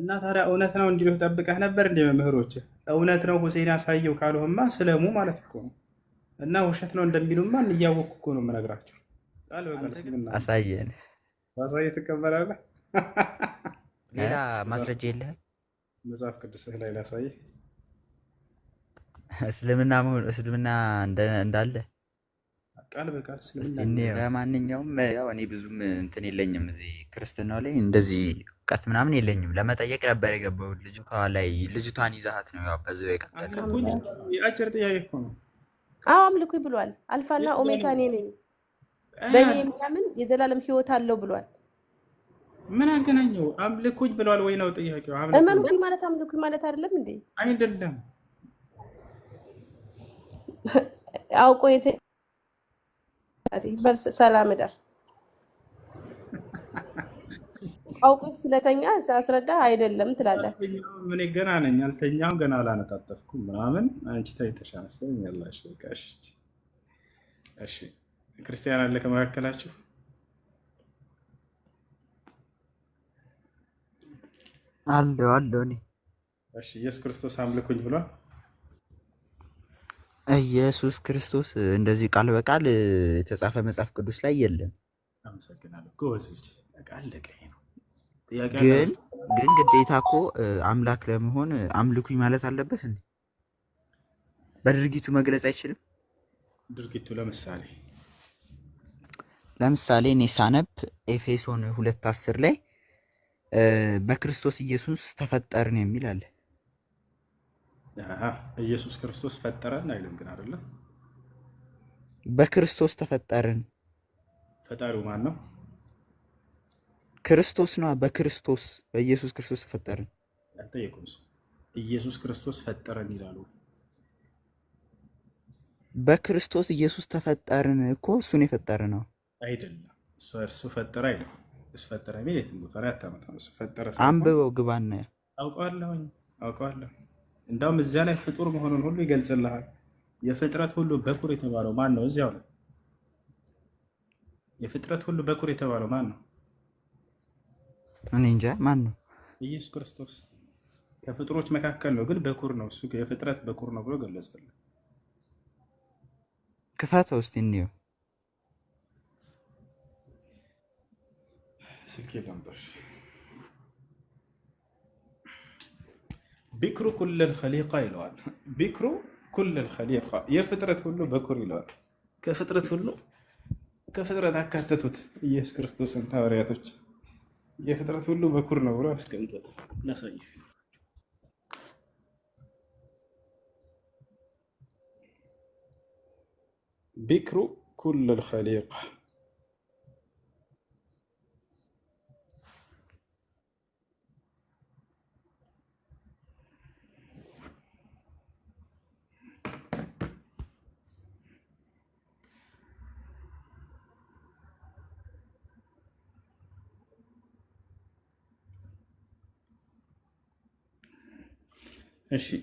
እና ታዲያ እውነት ነው እንዲሉ ጠብቀህ ነበር እንደ መምህሮች እውነት ነው ሁሴን ያሳየው ካልሆማ ስለሙ ማለት እኮ ነው። እና ውሸት ነው እንደሚሉማ እያወቅኩ እኮ ነው የምነግራቸው። አሳየን አሳየህ ትቀበላለህ? ሌላ ማስረጃ የለህም? መጽሐፍ ቅዱስህ ላይ ላሳየ እስልምና መሆን እስልምና እንዳለ ቃል በቃል እስልምና። ለማንኛውም ያው እኔ ብዙም እንትን የለኝም እዚህ ክርስትናው ላይ እንደዚህ እውቀት ምናምን የለኝም። ለመጠየቅ ነበር የገባው። ልጅ ላይ ልጅቷን ይዛት ነው ያው ከዚ የቀጠለ አጭር ጥያቄ እኮ ነው። አዎ አምልኩኝ ብሏል። አልፋና ኦሜጋ እኔ ነኝ፣ በእኔ የሚያምን የዘላለም ህይወት አለው ብሏል። ምን አገናኘው? አምልኩኝ ብሏል ወይ ነው ጥያቄው። እመኑኝ ማለት አምልኩኝ ማለት አይደለም እንዴ? አይደለም። አውቆ የተ ሰላም ዳር አውቅ ስለተኛ አስረዳ አይደለም ትላለህ። ምን ገና ነኝ አልተኛም፣ ገና አላነጣጠፍኩም ምናምን። አንቺ ታይተሻ መሰለኝ ያላሽ ቃሽ። እሺ ክርስቲያን አለ ከመካከላችሁ? አለው አለው። እኔ እሺ ኢየሱስ ክርስቶስ አምልኩኝ ብሏል። ኢየሱስ ክርስቶስ እንደዚህ ቃል በቃል የተጻፈ መጽሐፍ ቅዱስ ላይ የለም። አመሰግናለሁ። ጎበዝ ልጅ አለቀ ነው ግን ግን ግዴታ እኮ አምላክ ለመሆን አምልኩኝ ማለት አለበት እንዴ? በድርጊቱ መግለጽ አይችልም? ድርጊቱ ለምሳሌ ለምሳሌ እኔ ሳነብ ኤፌሶን ሁለት አስር ላይ በክርስቶስ ኢየሱስ ተፈጠርን የሚል አለ። ኢየሱስ ክርስቶስ ፈጠረን አይልም ግን አይደለም፣ በክርስቶስ ተፈጠርን። ፈጣሪው ማን ነው? ክርስቶስ ነዋ። በክርስቶስ በኢየሱስ ክርስቶስ ተፈጠርን። አልጠየቁም። ኢየሱስ ክርስቶስ ፈጠረን ይላሉ። በክርስቶስ ኢየሱስ ተፈጠርን እኮ እሱን የፈጠረ ነው አይደለም። እሱ ፈጠረ አይደለም። እሱ ፈጠረ የሚል የትም ቦታ ላይ አታመጣም። እሱ ፈጠረ አንብበው ግባና አውቀዋለሁኝ፣ አውቀዋለሁ። እንዳውም እዚያ ላይ ፍጡር መሆኑን ሁሉ ይገልጽልሃል። የፍጥረት ሁሉ በኩር የተባለው ማን ነው? እዚያው ላይ የፍጥረት ሁሉ በኩር የተባለው ማን ነው? እኔ እንጃ ማን ነው? ኢየሱስ ክርስቶስ ከፍጥሮች መካከል ነው፣ ግን በኩር ነው። እሱ የፍጥረት በኩር ነው ብሎ ገለጸልን። ክፈተው እስኪ እንየው። ስልክ ቢክሩ ኩለል ኸሊቃ ይለዋል። ቢክሩ ኩለል ኸሊቃ የፍጥረት ሁሉ በኩር ይለዋል። ከፍጥረት ሁሉ ከፍጥረት አካተቱት ኢየሱስ ክርስቶስን ሐዋርያቶች የፍጥረት ሁሉ በኩር ነው ብሎ አስቀምጦት ላሳይ። ቢክሩ ኩል ኸሊቃ 是。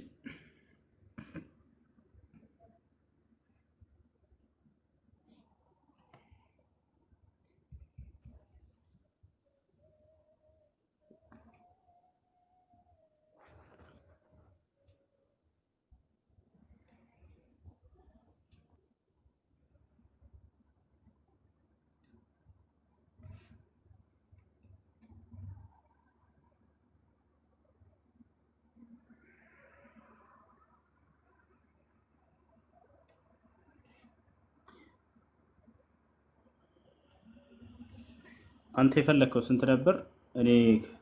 አንተ የፈለግከው ስንት ነበር? እኔ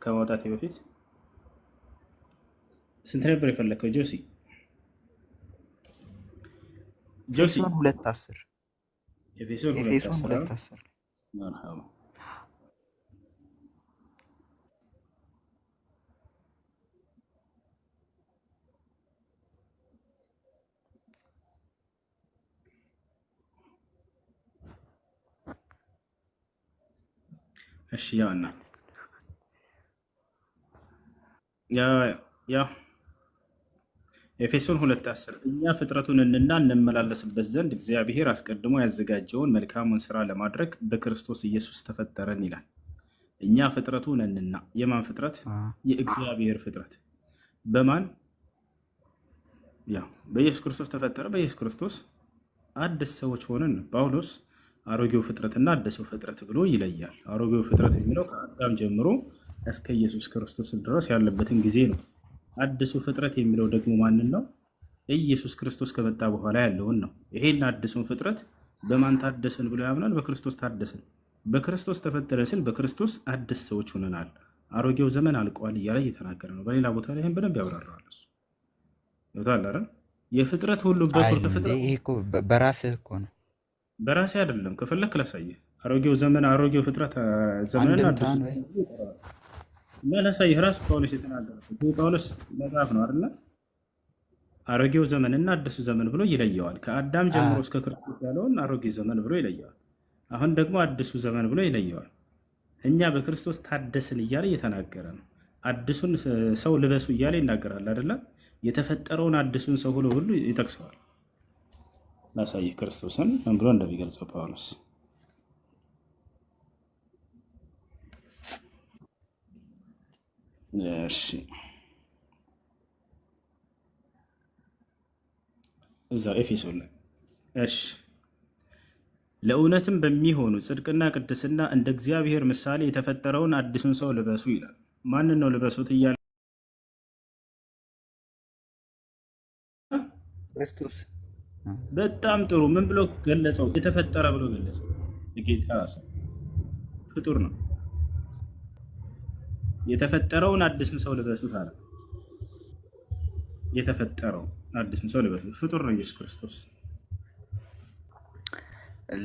ከማውጣቴ በፊት ስንት ነበር የፈለግከው? ጆሲ ጆሲ ሁለት አስር ኤፌሶን ሁለት አስር እሺ ያውና ያ ኤፌሶን 210 እኛ ፍጥረቱን እንና እንመላለስበት ዘንድ እግዚአብሔር አስቀድሞ ያዘጋጀውን መልካሙን ስራ ለማድረግ በክርስቶስ ኢየሱስ ተፈጠረን ይላል። እኛ ፍጥረቱን እንና የማን ፍጥረት? የእግዚአብሔር ፍጥረት በማን ያው በኢየሱስ ክርስቶስ ተፈጠረ። በኢየሱስ ክርስቶስ አዲስ ሰዎች ሆነን ጳውሎስ አሮጌው ፍጥረትና አደሰው ፍጥረት ብሎ ይለያል። አሮጌው ፍጥረት የሚለው ከአዳም ጀምሮ እስከ ኢየሱስ ክርስቶስ ድረስ ያለበትን ጊዜ ነው። አዲሱ ፍጥረት የሚለው ደግሞ ማንን ነው? ኢየሱስ ክርስቶስ ከመጣ በኋላ ያለውን ነው። ይሄን አዲሱን ፍጥረት በማን ታደሰን ብሎ ያምናል? በክርስቶስ ታደሰን። በክርስቶስ ተፈጠረ ስል በክርስቶስ አዲስ ሰዎች ሆነናል፣ አሮጌው ዘመን አልቋል እያለ እየተናገረ ነው። በሌላ ቦታ ላይ ይህን በደንብ ያብራራዋል። እሱ ይወታል። የፍጥረት ሁሉ በኩል በራስህ እኮ ነው በራሴ አይደለም። ከፈለክ ላሳየህ። አሮጌው ዘመን አሮጌው ፍጥረት ዘመን አዲሱ እና ላሳየህ። ራሱ ጳውሎስ የተናገረው ጳውሎስ መጽሐፍ ነው አይደለ? አሮጌው ዘመንና አዲሱ ዘመን ብሎ ይለየዋል። ከአዳም ጀምሮ እስከ ክርስቶስ ያለውን አሮጌ ዘመን ብሎ ይለየዋል። አሁን ደግሞ አዲሱ ዘመን ብሎ ይለየዋል። እኛ በክርስቶስ ታደስን እያለ እየተናገረ ነው። አዲሱን ሰው ልበሱ እያለ ይናገራል አይደለ? የተፈጠረውን አዲሱን ሰው ሁሉ ይጠቅሰዋል። ላሳይህ ክርስቶስን ምን ብሎ እንደሚገልጸው ጳውሎስ እሺ እዛው ኤፌሶን ላይ እሺ ለእውነትም በሚሆኑ ጽድቅና ቅድስና እንደ እግዚአብሔር ምሳሌ የተፈጠረውን አዲሱን ሰው ልበሱ ይላል። ማንን ነው ልበሱት እያለ ክርስቶስ በጣም ጥሩ። ምን ብሎ ገለጸው? የተፈጠረ ብሎ ገለጸው። ጌታ ራሱ ፍጡር ነው። የተፈጠረውን አዲስን ሰው ልበሱት አለ። የተፈጠረው አዲስን ሰው ልበሱት። ፍጡር ነው ኢየሱስ ክርስቶስ።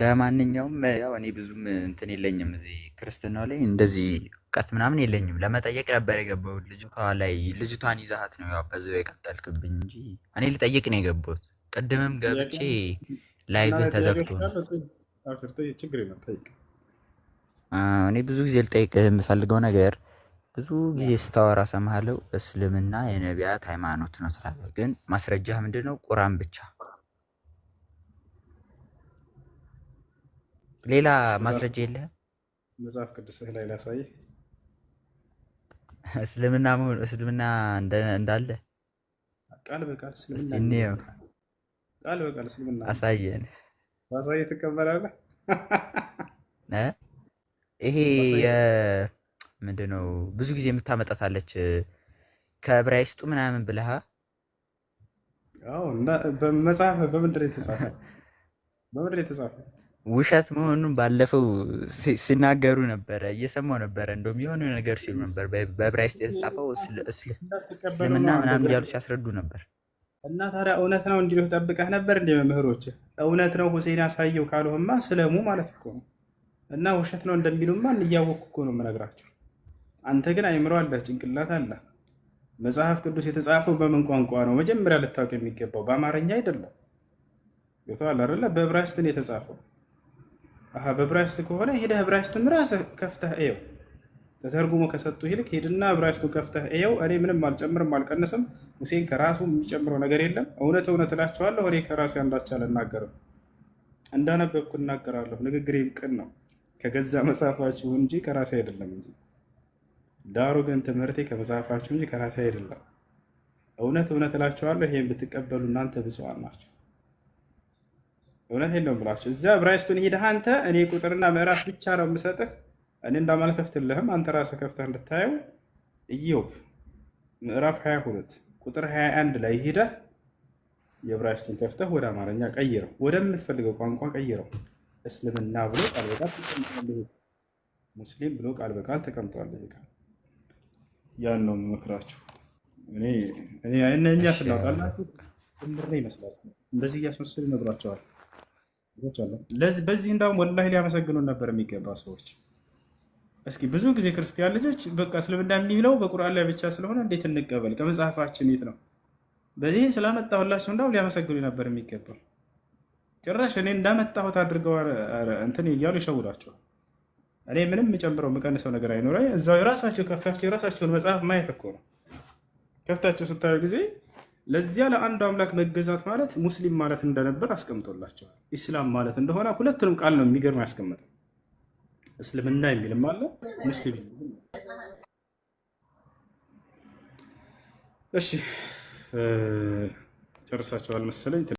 ለማንኛውም ያው እኔ ብዙም እንትን የለኝም እዚህ ክርስትናው ላይ እንደዚህ እውቀት ምናምን የለኝም። ለመጠየቅ ነበር የገባሁት። ልጅቷ ላይ ልጅቷን ይዛሀት ነው ያው በዚያው የቀጠልክብኝ እንጂ እኔ ልጠይቅ ነው የገባሁት። ቅድምም ገብቼ ላይቭህ ተዘግቶ እኔ ብዙ ጊዜ ልጠይቅህ የምፈልገው ነገር ብዙ ጊዜ ስታወራ ሰማለው እስልምና የነቢያት ሃይማኖት ነው ትላለህ፣ ግን ማስረጃ ምንድን ነው? ቁራን ብቻ። ሌላ ማስረጃ የለህም? መጽሐፍ ቅዱስህ ላይ ላሳየህ እስልምና መሆን እስልምና እንዳለ ቃል በቃል እስልምና ቃል በቃል እስልምና አሳየን። ማሳየት ትቀበላለህ? ይሄ ምንድነው? ብዙ ጊዜ የምታመጣታለች ከዕብራይስጡ ምናምን ብለሃ በመጽሐፍ በምድር የተጻፈ? በምድር የተጻፈ? ውሸት መሆኑን ባለፈው ሲናገሩ ነበረ፣ እየሰማው ነበረ። እንደውም የሆነ ነገር ሲሉ ነበር። በዕብራይስጥ የተጻፈው እስልምና ምናምን እያሉ ሲያስረዱ ነበር። እና ታዲያ እውነት ነው እንዲሉህ ጠብቀህ ነበር እንደ መምህሮች እውነት ነው ሁሴን ያሳየው ካልሆማ ስለሙ ማለት እኮ ነው። እና ውሸት ነው እንደሚሉማ እያወቅኩ እኮ ነው የምነግራቸው። አንተ ግን አይምሮ አለ፣ ጭንቅላት አለ። መጽሐፍ ቅዱስ የተጻፈው በምን ቋንቋ ነው? መጀመሪያ ልታውቅ የሚገባው በአማርኛ አይደለም። ይተዋል አይደለ? በዕብራይስጥ ነው የተጻፈው። በዕብራይስጥ ከሆነ ሄደህ ዕብራይስጡን ራስህ ከፍተህ እየው። ተተርጉሞ ከሰጡ ይልቅ ሄድና ዕብራይስጡ ከፍተህ ይኸው እኔ ምንም አልጨምርም አልቀንስም፣ ሙሴን ከራሱ የሚጨምረው ነገር የለም። እውነት እውነት እላችኋለሁ እኔ ከራሴ አንዳች አልናገርም፣ እንዳነበብኩ እናገራለሁ። ንግግሬም ቅን ነው፣ ከገዛ መጽሐፋችሁ እንጂ ከራሴ አይደለም እንጂ ዳሩ ግን ትምህርቴ ከመጽሐፋችሁ እንጂ ከራሴ አይደለም። እውነት እውነት እላችኋለሁ ይሄን ብትቀበሉ እናንተ ብፁዓን ናችሁ። እውነት የለውም ብላችሁ እዚያ ዕብራይስጡን ሄደህ አንተ እኔ ቁጥርና ምዕራፍ ብቻ ነው የምሰጥህ እኔ እንዳማልከፍትልህም አንተ ራስህ ከፍተህ እንድታየው ኢዮብ ምዕራፍ 22 ቁጥር 21 ላይ ሄደህ የዕብራይስጡን ከፍተህ ወደ አማርኛ ቀይረው፣ ወደምትፈልገው ቋንቋ ቀይረው። እስልምና ብሎ ቃል በቃል ተቀምጧል፣ ሙስሊም ብሎ ቃል በቃል ተቀምጧል። ይቃል ያን ነው የምመክራችሁ። እኛ ስናወጣላችሁ ድምር ይመስላል፣ እንደዚህ እያስመስሉ ይነግሯቸዋል። በዚህ እንዳውም ወላሂ ሊያመሰግኑን ነበር የሚገባ ሰዎች እስኪ ብዙ ጊዜ ክርስቲያን ልጆች በቃ እስልምና የሚለው በቁርአን ላይ ብቻ ስለሆነ እንዴት እንቀበል? ከመጽሐፋችን የት ነው? በዚህ ስላመጣሁላቸው እንዳሁ ሊያመሰግኑ ነበር የሚገባው። ጭራሽ እኔ እንዳመጣሁት አድርገው እንትን እያሉ ይሸውዳቸዋል። እኔ ምንም የምጨምረው የምቀንሰው ነገር አይኖረ። እዛው የራሳቸው ከፍታቸው የራሳቸውን መጽሐፍ ማየት እኮ ነው። ከፍታቸው ስታዩ ጊዜ ለዚያ ለአንዱ አምላክ መገዛት ማለት ሙስሊም ማለት እንደነበር አስቀምጦላቸዋል። ኢስላም ማለት እንደሆነ ሁለቱንም ቃል ነው የሚገርም ያስቀምጠው እስልምና የሚልም አለ ሙስሊም። እሺ ጨርሳችኋል መሰለኝ።